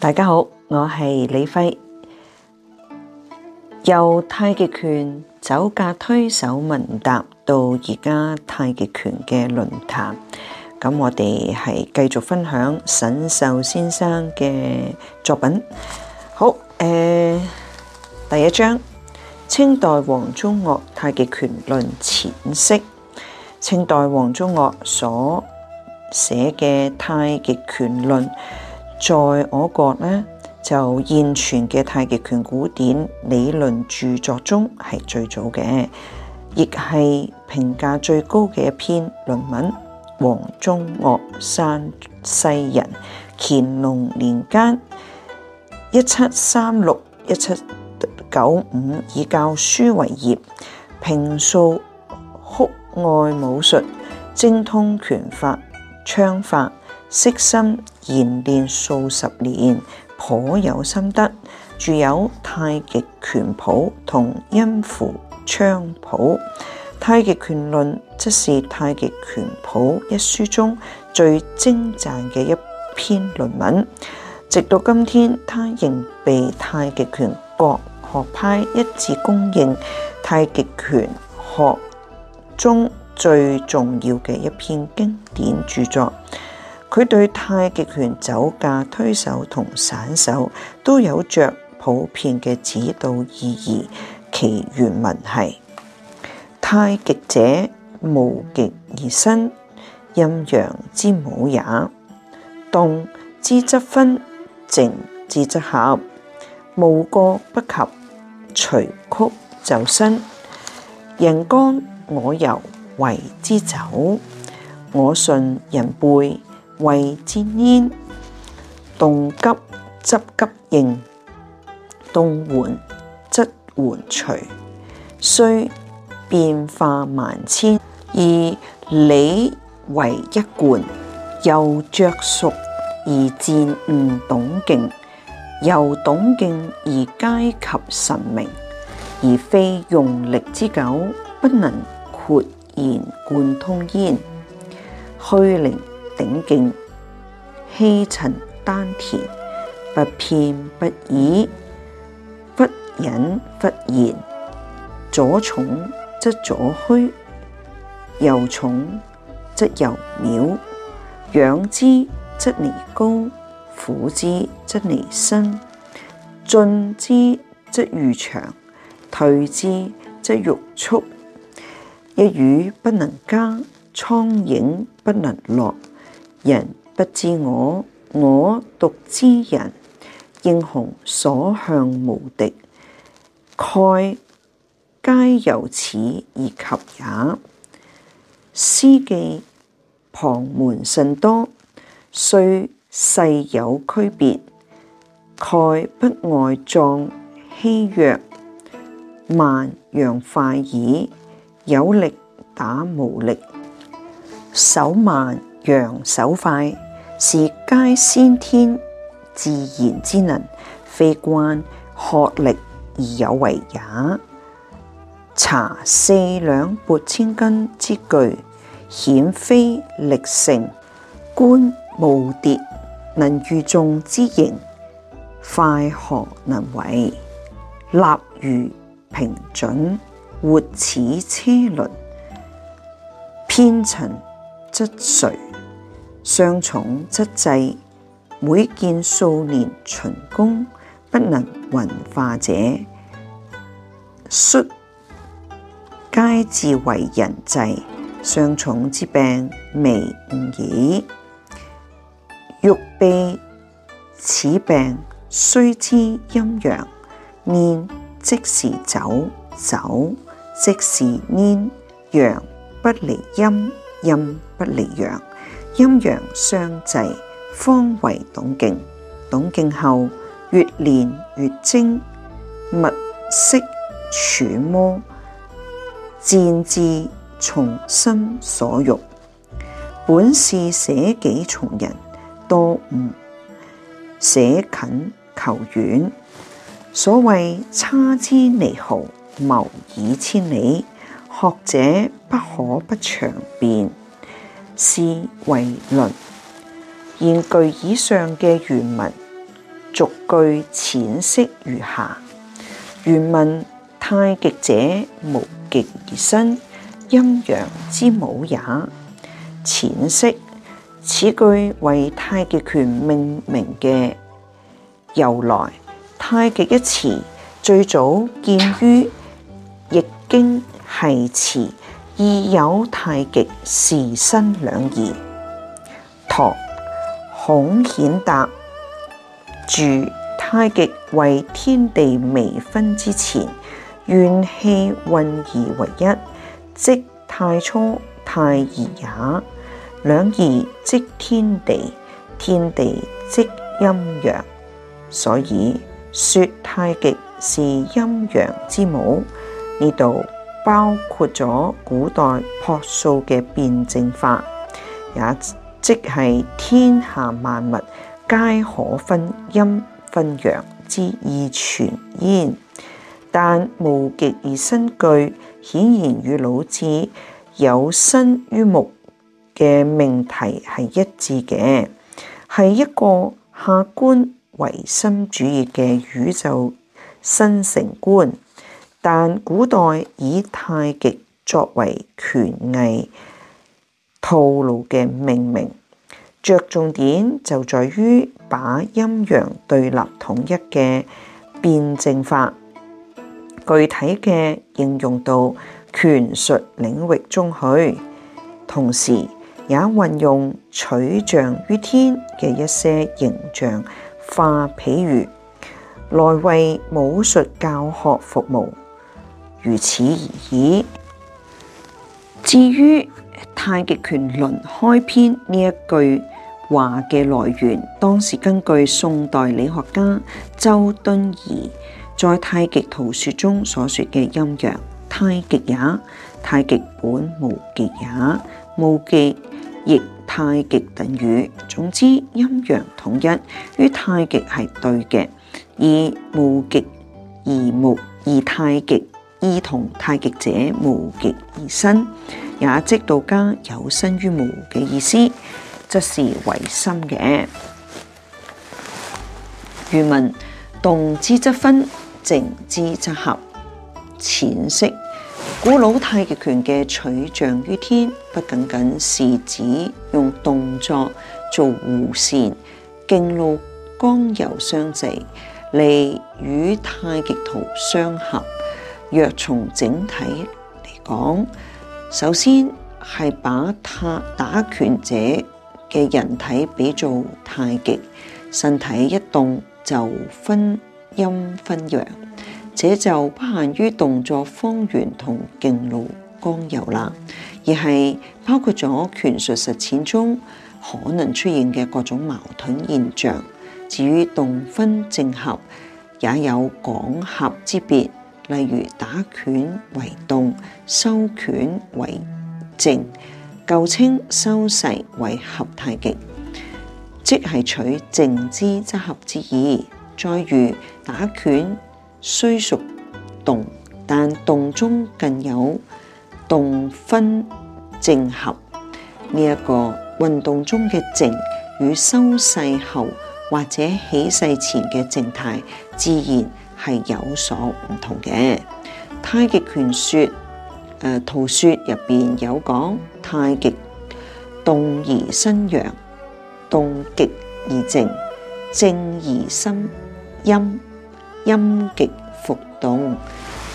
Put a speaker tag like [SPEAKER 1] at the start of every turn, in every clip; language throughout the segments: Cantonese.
[SPEAKER 1] 大家好，我係李輝，由太極拳走架推手問答到而家太極拳嘅論壇，咁我哋係繼續分享沈壽先生嘅作品。好，誒、呃，第一章，清代王宗岳太極拳論淺釋，清代王宗岳所寫嘅太極拳論。在我國呢就現存嘅太極拳古典理論著作中係最早嘅，亦係評價最高嘅一篇論文。王宗岳山西人，乾隆年間（一七三六一七九五）以教書為業，平素酷愛武術，精通拳法、槍法。悉心研練數十年，頗有心得。著有《太極拳譜》同《陰符槍譜》。《太極拳論》則是《太極拳譜》一書中最精湛嘅一篇論文。直到今天，他仍被太極拳各學派一致公認太極拳學中最重要嘅一篇經典著作。佢對太極拳走架、推手同散手都有着普遍嘅指導意義。其原文係：太極者，無極而生，陰陽之母也。動之則分，靜之則合，無過不及，隨曲就伸。人剛我柔，為之走；我順人背。為漸煙，動急則急應，動緩則緩隨，雖變化萬千，而理為一貫。又着熟而漸悟懂勁，又懂勁而階及神明，而非用力之久不能豁然貫通焉。虛靈頂勁，氣沉丹田，不偏不倚，忽隱忽現。左重則左虛，右重則右渺。仰之則彌高，俯之則彌深。進之則如長，退之則欲速。一羽不能加，蒼蠅不能落。人不知我，我獨知人。英雄所向無敵，蓋皆由此而及也。斯技旁門甚多，雖世有區別，蓋不外壯欺弱、慢讓快耳。有力打無力，手慢。讓手快是皆先天自然之能，非關學力而有為也。察四兩撥千斤之句顯非力勝；觀耄耋能御眾之形，快何能為？立如平準，活似車輪，偏沉。則隨，相重則制，每見數年秦功不能云化者，率皆自為人制，相重之病，未悟耳。欲避此病，須知陰陽。念即是走，走即是粘。陽不離陰陰。不離陽，陰陽相濟方為懂勁。懂勁後，越練越精，物識揣摩，漸至從心所欲。本是捨己從人，多誤捨近求遠。所謂差之釐毫，謬以千里，學者不可不詳辨。是為論。現據以上嘅原文，逐句淺釋如下：原文太極者，無極而生，陰陽之母也。淺釋此句為太極拳命名嘅由來。太極一詞最早見於易經繫辭。易有太極，是生兩儀。唐孔顯達注：太極為天地未分之前，元氣混而為一，即太初太易也。兩儀即天地，天地即陰陽。所以說太極是陰陽之母。呢度。包括咗古代樸素嘅辯證法，也即係天下萬物皆可分陰分陽之義全焉，但無極而生句，顯然與老子有生於無嘅命題係一致嘅，係一個客觀唯心主義嘅宇宙生成觀。但古代以太極作為拳藝套路嘅命名，着重點就在於把陰陽對立統一嘅辯證法，具體嘅應用到拳術領域中去，同時也運用取象於天嘅一些形象化，譬如來為武術教學服務。如此而已。至於《太極拳論》開篇呢一句話嘅來源，當時根據宋代理學家周敦頤在太《太極圖說》中所說嘅陰陽太極也，太極本無極也，無極亦太極等語。總之，陰陽統一於太極係對嘅，以「無極而無以太極。意同太極者無極而生，也即道家有生於無嘅意思，則是唯心嘅。原文動之則分，靜之則合，淺釋。古老太極拳嘅取象於天，不僅僅是指用動作做弧線、勁路、剛柔相濟，利與太極圖相合。若從整體嚟講，首先係把打打拳者嘅人體比作太極，身體一動就分陰分陽，這就不限於動作方圓同勁路剛柔啦，而係包括咗拳術實踐中可能出現嘅各種矛盾現象。至於動分正合，也有講合之別。例如打拳為動，收拳為靜，舊稱收勢為合太極，即係取靜之則合之意。再如打拳雖屬動，但動中更有動分靜合呢一個運動中嘅靜，與收勢後或者起勢前嘅靜態自然係有所唔同嘅。太極拳說，誒、呃，圖說入邊有講，太極動而生陽，動極而靜，靜而生陰，陰極復動，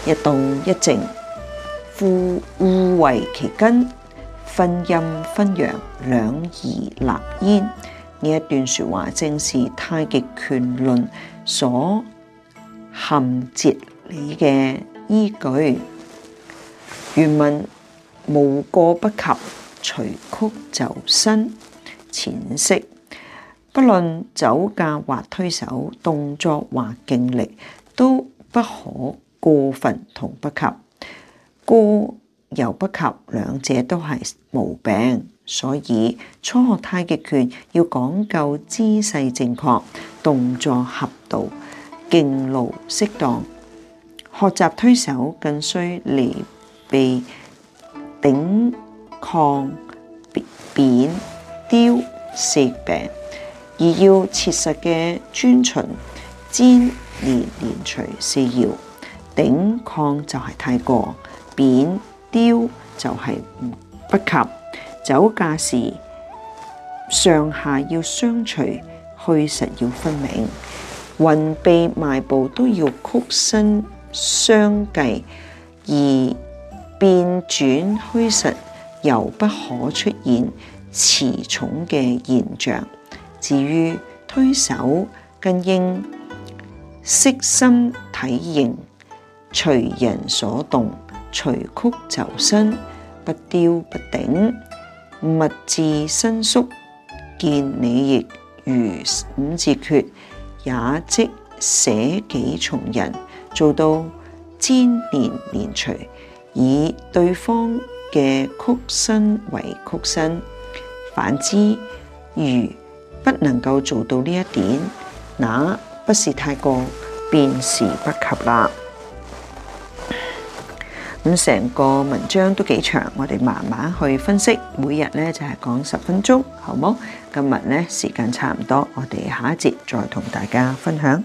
[SPEAKER 1] 一動一靜，互互為其根，分陰分陽，兩儀立焉。呢一段說話正是太極拳論所。含哲理嘅依據，原文無過不及，隨曲就伸淺釋。不論走架或推手，動作或勁力，都不可過分同不及。過猶不及，兩者都係毛病。所以初學太極拳要講究姿勢正確，動作合度。勁路適當，學習推手更需離避頂抗扁丟四病，而要切實嘅遵循，粘連連隨四要。頂抗就係太過，扁丟就係唔不及。走架時，上下要相隨，虛實要分明。運臂邁步都要曲身相繼，而變轉虛實，尤不可出現持重嘅現象。至於推手，更應悉心體型，隨人所動，隨曲就伸，不丟不頂，勿自伸縮，見你亦如五字訣。也即捨己從人，做到粘連黏隨，以對方嘅曲身為曲身。反之，如不能夠做到呢一點，那不是太過，便是不及啦。咁成個文章都幾長，我哋慢慢去分析。每日呢就係講十分鐘，好冇？今日呢，時間差唔多，我哋下一節再同大家分享。